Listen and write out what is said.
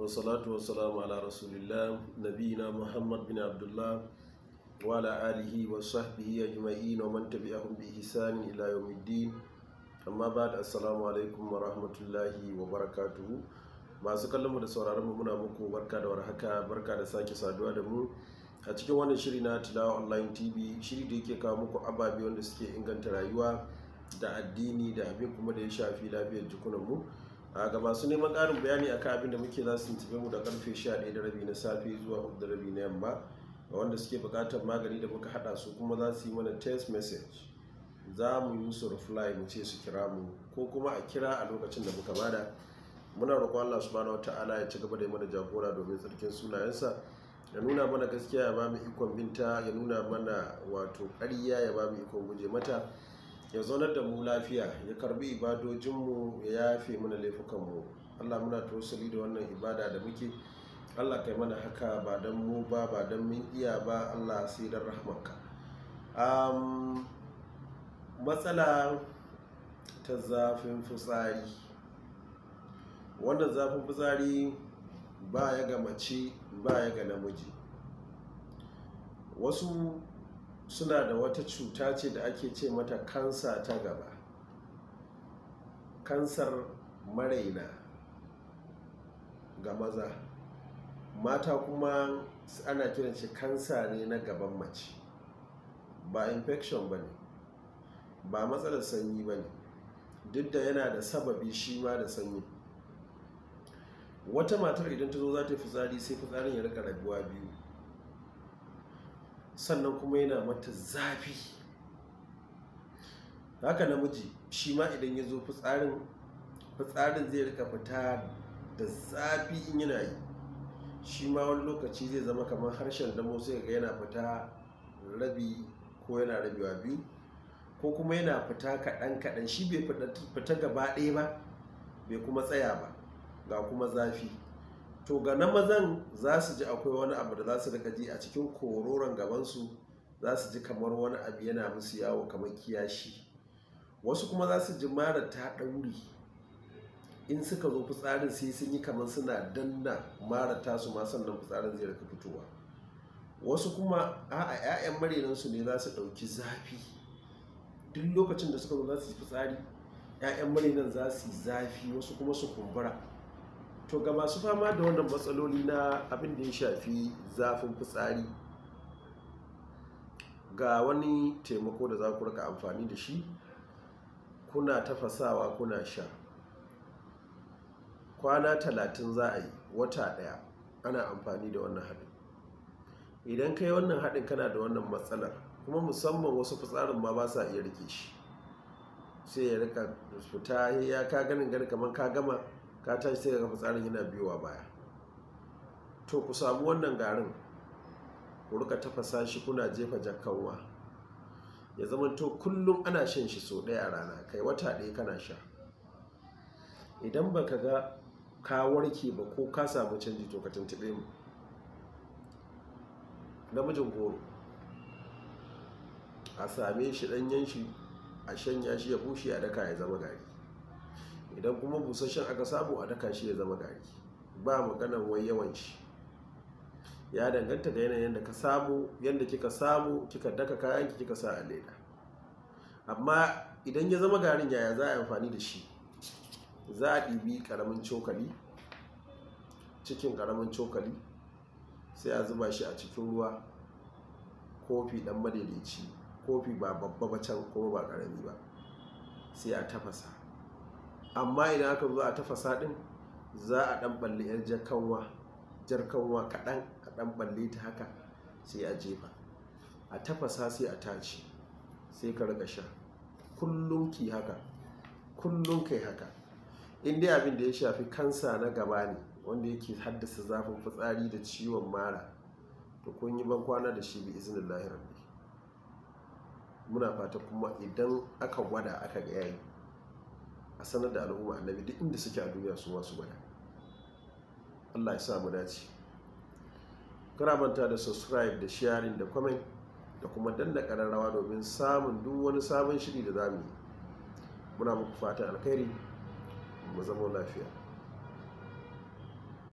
wasalatu wasalamu ala rasulillah nabiyina muhammad bin abdullah wa ala alihi wa sahbihi ajma'in wa man tabi'ahum bi ihsanin ila yawmiddin amma ba'd assalamu alaikum wa rahmatullahi wa barakatuhu masu kallon mu da sauraron mu muna muku barka da warhaka barka da sake saduwa da mu a cikin wannan shiri na tilawa online tv shiri da yake kawo muku ababe wanda suke inganta rayuwa da addini da abin kuma da ya shafi lafiyar jikunan mu a ga masu neman ƙarin bayani akan abin da muke za su tafi mu da karfe 11 da rabi na safe zuwa 4 da rabi na yamma ga wanda suke buƙatar magani da muka hada su kuma za su yi mana test message za mu yi musu reply mu ce su kira mu ko kuma a kira a lokacin da muka bada muna roƙon Allah subhanahu wata'ala ya ci gaba da yi mana jagora domin tsarkin sunayensa ya nuna mana gaskiya ya ba mu ikon binta ya nuna mana wato ƙarya ya ba mu ikon guje mata ya zaunar da mu lafiya ya karbi ibadojinmu ya yafe mana laifukanmu allah muna tosali da wannan ibada da muke allah kai mana haka ba don mu ba ba don min iya ba allah sai don rahmanka um, matsala ta zafin fitsari wannan zafin fitsari ba ya ga mace ba ya ga namiji wasu suna da wata cuta ce da ake ce mata kansa ta gaba kansar maraina ga maza mata kuma ana kiran shi kansa ne na gaban mace ba infection ba ne ba matsalar sanyi ba ne duk da yana da sababi shi ma da sanyi wata matar idan ta zo za ta yi fitsari sai fitsarin ya rika rabuwa biyu sannan kuma yana mata zafi haka namiji shi ma idan ya zo fitsarin zai rika fita da zafi in yana yi shi ma wani lokaci zai zama kamar harshen damo sai ga yana fita rabi ko yana rabewa biyu ko kuma yana fita kaɗan kaɗan shi bai fita gaba ɗaya ba bai kuma tsaya ba ga kuma zafi to ga na mazan za su ji akwai wani abu da za su rika ji a cikin kororon gabansu za su ji kamar wani abu yana musu yawo kamar kiyashi wasu kuma za su ji mara ta ɗauri in suka zo fitsarin sai sun yi kamar suna danna mara su ma sannan fitsarin zai rika fitowa wasu kuma a 'ya'yan marinansu ne za su ɗauki zafi duk lokacin da suka zo za su yi fitsari 'ya'yan marinan za su yi zafi wasu kuma su kumbura to ga masu fama da wannan matsaloli na abin da ya shafi zafin fitsari ga wani taimako da za ku rika amfani da shi kuna tafasawa kuna sha kwana talatin za a yi wata daya ana amfani da wannan haɗin idan ka yi wannan haɗin kana da wannan matsalar kuma musamman wasu fitsarin ma ba sa iya rike shi sai ya rika fita ya ka ganin gani kamar ka gama ka tashi sai ga tsarin yana biyowa baya to ku samu wannan garin ku rika tafasa shi kuna jefa jakkanwa ya zama to kullum ana shan shi so ɗaya a rana kai wata ɗaya kana sha idan ba ka ga ka ba ko ka samu canji to ka tuntube mu namijin goro a same shi ɗanyen shi a shanya shi ya bushe a daka ya zama gari idan kuma busasshen aka samu a daka shi ya zama gari ba maganan wai yawan shi ya danganta da yanayin da ka samu yadda kika samu kika daka kayan kika sa a leda amma idan ya zama garin yaya za a yi amfani da shi za a ɗibi ƙaramin cokali cikin ƙaramin cokali sai a zuba shi a cikin ruwa kofi ɗan madaidaici kofi ba babba ba can kuma ba ƙarami ba sai a tafasa amma idan aka zo a tafasa din za a dan balle yar jarkanwa jarkanwa kaɗan a dan balle ta haka sai a jefa a tafasa sai a tace sai ka riga sha kullum ki haka kullum kai haka in dai abin da ya shafi kansa na gaba ne wanda yake haddasa zafin fitsari da ciwon mara to kun yi ban kwana da shi bi izinin lahirar muna fata kuma idan aka gwada aka ga yayi a sanar da al'umma annabi duk inda suke a duniya su masu gwada allah ya sa mu dace manta da subscribe da sharing da comment da kuma danna kararrawa domin samun duk wani sabon shiri da zamu yi muna muku fatan alkhairi mu zama lafiya